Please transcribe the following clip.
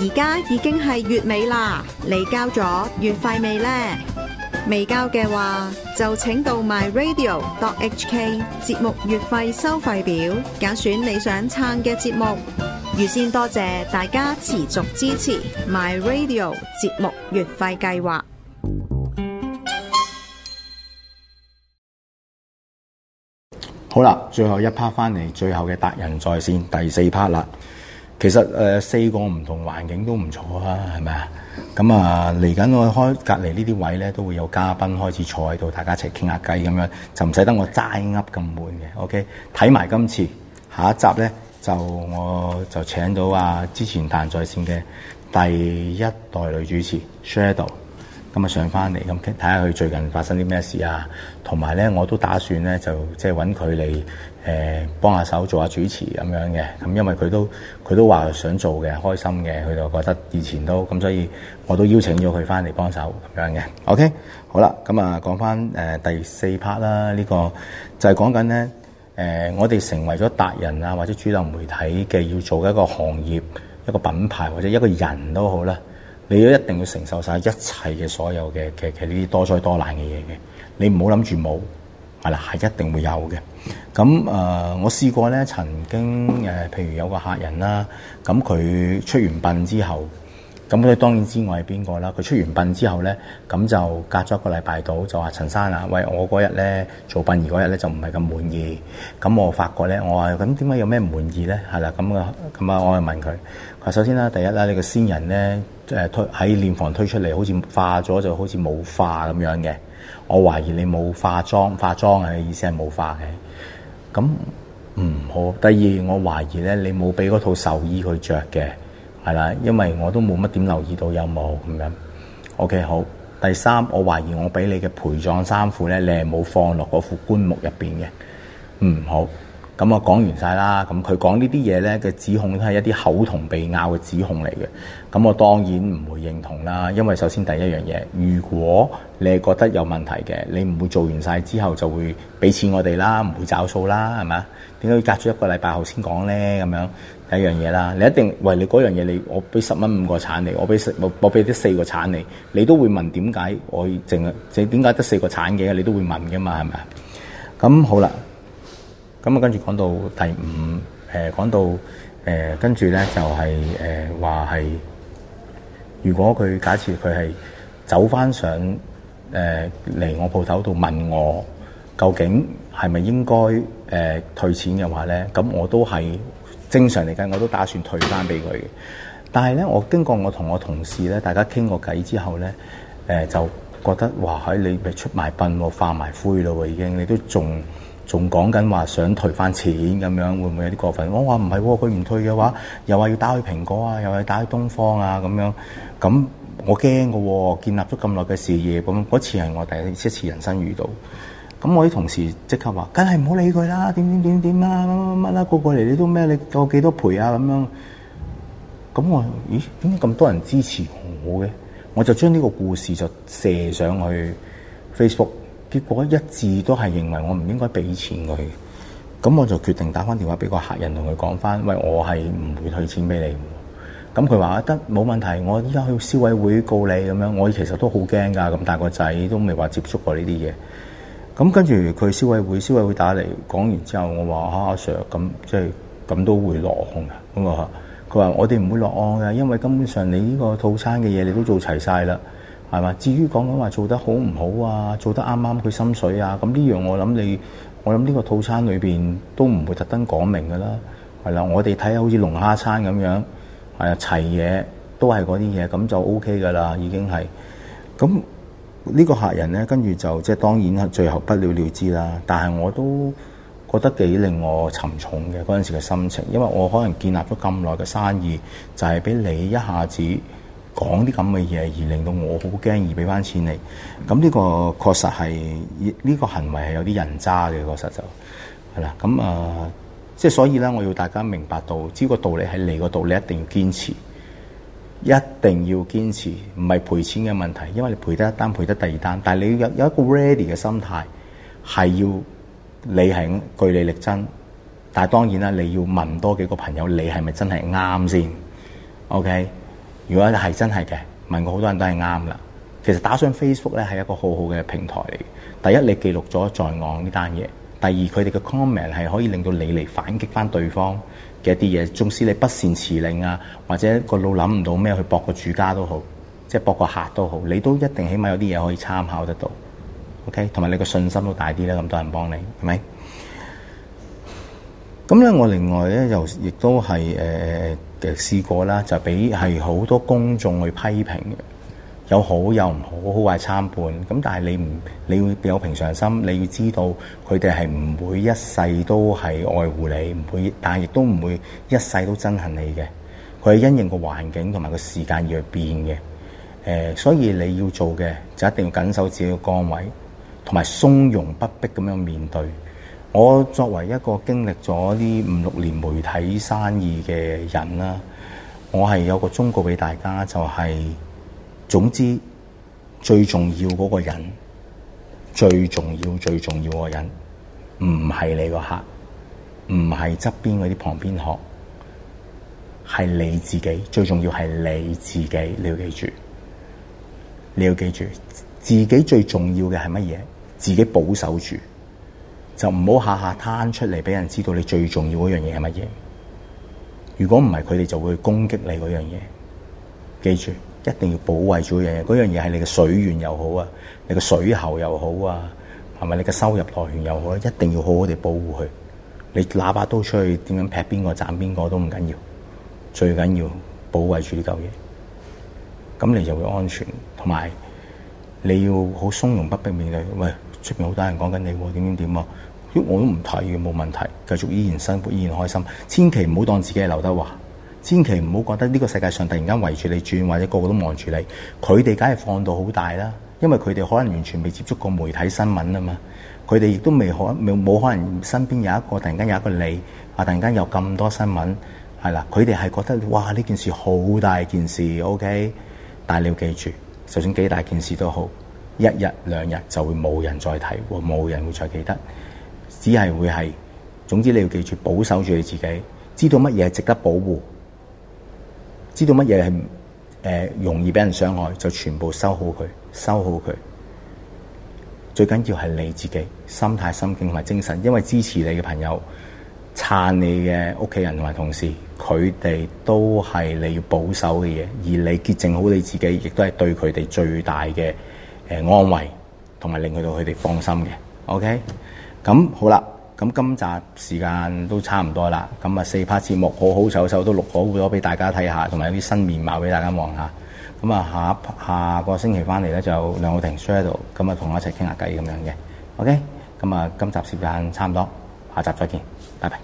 而家已經係月尾啦，你交咗月費未呢？未交嘅話，就請到 myradio.hk 節目月費收費表，揀選你想撐嘅節目。預先多謝大家持續支持 My Radio 節目月費計劃。好啦，最後一 part 翻嚟，最後嘅達仁在綫第四 part 啦。其實、呃、四個唔同環境都唔錯啊，係咪啊？咁啊，嚟緊我開隔離呢啲位咧，都會有嘉賓開始坐喺度，大家一齊傾下偈。咁樣，就唔使得我齋噏咁悶嘅。OK，睇埋今次下一集咧，就我就請到啊之前達仁在線嘅第一代女主持 Shadow。咁啊，上翻嚟咁傾，睇下佢最近發生啲咩事啊。同埋咧，我都打算咧，就即係揾佢嚟幫下手，做下主持咁樣嘅。咁因為佢都佢都話想做嘅，開心嘅，佢就覺得以前都咁，所以我都邀請咗佢翻嚟幫手咁樣嘅。OK，好啦，咁啊，講翻、呃、第四 part 啦，這個就是、呢個就係講緊咧我哋成為咗達人啊，或者主流媒體嘅要做嘅一個行業、一個品牌或者一個人都好啦。你都一定要承受晒一切嘅所有嘅嘅其呢啲多災多難嘅嘢嘅，你唔好諗住冇，係啦，係一定會有嘅。咁誒、呃，我試過咧，曾經誒、呃，譬如有個客人啦，咁佢出完殯之後，咁佢當然知我係邊個啦。佢出完殯之後咧，咁就隔咗一個禮拜到，就話陳生啊，喂，我嗰日咧做殯儀嗰日咧就唔係咁滿意，咁我發覺咧，我話咁點解有咩唔滿意咧？係啦，咁啊，咁啊，咁我係問佢，話首先啦，第一啦，你個先人咧。誒，推喺殮房推出嚟，好似化咗就好似冇化咁樣嘅。我懷疑你冇化妝，化妝係意思係冇化嘅。咁唔好、嗯、好。第二，我懷疑咧你冇俾嗰套壽衣去着嘅，係啦，因為我都冇乜點留意到有冇咁樣。OK，好。第三，我懷疑我俾你嘅陪葬衫褲咧，你係冇放落嗰副棺木入面嘅。嗯，好。咁我講完晒啦，咁佢講呢啲嘢咧嘅指控都係一啲口同鼻拗嘅指控嚟嘅，咁我當然唔會認同啦。因為首先第一樣嘢，如果你係覺得有問題嘅，你唔會做完晒之後就會俾錢我哋啦，唔會找數啦，係咪？點解要隔住一個禮拜後先講咧？咁樣第一樣嘢啦，你一定喂，你嗰樣嘢，你我俾十蚊五個產你，我俾我畀俾啲四個產你，你都會問點解我剩剩點解得四個產嘅？你都會問噶嘛，係咪？咁好啦。咁啊，跟住講到第五，誒、呃、講到誒、呃，跟住咧就係誒話係，如果佢假設佢係走翻上誒嚟我鋪頭度問我，究竟係咪應該誒、呃、退錢嘅話咧，咁我都係正常嚟計，我都打算退翻俾佢。但係咧，我經過我同我同事咧，大家傾過偈之後咧，誒、呃、就覺得嘩，喺你咪出埋殯喎，化埋灰咯喎，已經了了你都仲仲講緊話想退翻錢咁樣，會唔會有啲過分？我話唔係喎，佢唔退嘅話，又話要打去蘋果啊，又話要打去東方啊咁樣。咁我驚嘅喎，建立咗咁耐嘅事業，咁嗰次係我第一次人生遇到。咁我啲同事即刻話，梗係唔好理佢啦，點點點點啊，乜乜乜啦，個個嚟你都咩？你到我幾多倍啊？咁樣。咁我，咦？點解咁多人支持我嘅？我就將呢個故事就射上去 Facebook。結果一致都係認為我唔應該俾錢佢，咁我就決定打翻電話俾個客人同佢講翻，喂，我係唔會退錢俾你。咁佢話得，冇問題，我依家去消委會告你咁樣。我其實都好驚㗎，咁大個仔都未話接觸過呢啲嘢。咁跟住佢消委會，消委會打嚟講完之後我，我話嚇阿 Sir 咁即係咁都會落案㗎咁啊？佢話我哋唔會落案㗎，因為根本上你呢個套餐嘅嘢你都做齊晒啦。係嘛？至於講緊話做得好唔好啊，做得啱啱佢心水啊？咁呢樣我諗你，我諗呢個套餐裏面都唔會特登講明㗎啦。係啦，我哋睇下好似龍蝦餐咁樣，係啊，齊嘢都係嗰啲嘢，咁就 O K 㗎啦，已經係。咁呢個客人咧，跟住就即係當然係最後不了了之啦。但係我都覺得幾令我沉重嘅嗰陣時嘅心情，因為我可能建立咗咁耐嘅生意，就係、是、俾你一下子。講啲咁嘅嘢而令到我好驚而俾翻錢你，咁呢個確實係呢、呢個行為係有啲人渣嘅，確實就係啦。咁啊、呃，即係所以咧，我要大家明白到，知個道理喺你個度，你一定要堅持，一定要堅持，唔係賠錢嘅問題，因為你賠得一單，賠得第二單，但你要有有一個 ready 嘅心態，係要你係據理力爭。但係當然啦，你要問多幾個朋友，你係咪真係啱先？OK。如果係真係嘅，問過好多人都係啱啦。其實打上 Facebook 咧係一個好好嘅平台嚟嘅。第一，你記錄咗在案呢單嘢；第二，佢哋嘅 comment 係可以令到你嚟反擊翻對方嘅一啲嘢。縱使你不善辭令啊，或者個腦諗唔到咩去博個主家都好，即係博個客都好，你都一定起碼有啲嘢可以參考得到。OK，同埋你個信心都大啲啦。咁多人幫你，係咪？咁咧，我另外咧又亦都係誒誒試過啦，就俾係好多公眾去批評嘅，有好有唔好，好壞參半。咁但係你唔，你要有平常心，你要知道佢哋係唔會一世都係愛護你，唔會，但係亦都唔會一世都憎恨你嘅。佢係因應個環境同埋個時間而變嘅。誒、呃，所以你要做嘅就一定要緊守自己嘅崗位，同埋從容不迫咁樣面對。我作為一個經歷咗呢五六年媒體生意嘅人啦，我係有個忠告俾大家，就係、是、總之最重要嗰個人，最重要最重要個人，人，唔係你個客，唔係側邊嗰啲旁邊學，係你自己。最重要係你自己，你要記住，你要記住自己最重要嘅係乜嘢？自己保守住。就唔好下下攤出嚟俾人知道你最重要嗰樣嘢係乜嘢。如果唔係，佢哋就會攻擊你嗰樣嘢。記住，一定要保衛住嗰樣嘢。嗰樣嘢係你嘅水源又好啊，你嘅水喉又好啊，係咪你嘅收入來源又好啊，一定要好好地保護佢。你攞把刀出去點樣劈邊個斬邊個都唔緊要，最緊要保衞住呢嚿嘢。咁你就會安全，同埋你要好從容不避面地。喂，出面好多人講緊你喎，點點點啊！我都唔睇嘅，冇問題，繼續依然生活，依然開心。千祈唔好當自己係劉德華，千祈唔好覺得呢個世界上突然間圍住你轉，或者個個都望住你。佢哋梗係放到好大啦，因為佢哋可能完全未接觸過媒體新聞啊嘛。佢哋亦都未可冇可能身邊有一個突然間有一個你啊，突然間有咁多新聞係啦。佢哋係覺得哇，呢件事好大件事，OK，但你要記住，就算幾大件事都好，一日兩日就會冇人再睇，冇人會再記得。只係會係，總之你要記住，保守住你自己，知道乜嘢係值得保護，知道乜嘢係誒容易俾人傷害，就全部收好佢，收好佢。最緊要係你自己心態、心境同埋精神，因為支持你嘅朋友、撐你嘅屋企人同埋同事，佢哋都係你要保守嘅嘢，而你潔淨好你自己，亦都係對佢哋最大嘅誒、呃、安慰，同埋令佢到佢哋放心嘅。OK。咁好啦，咁今集時間都差唔多啦，咁啊四 part 節目好，好好手手都錄好咗俾大家睇下，同埋有啲新面貌俾大家望下。咁啊下下個星期翻嚟咧就梁浩庭 share 喺度，咁啊同我一齊傾下偈咁樣嘅。OK，咁啊今集時間差唔多，下集再見，拜拜。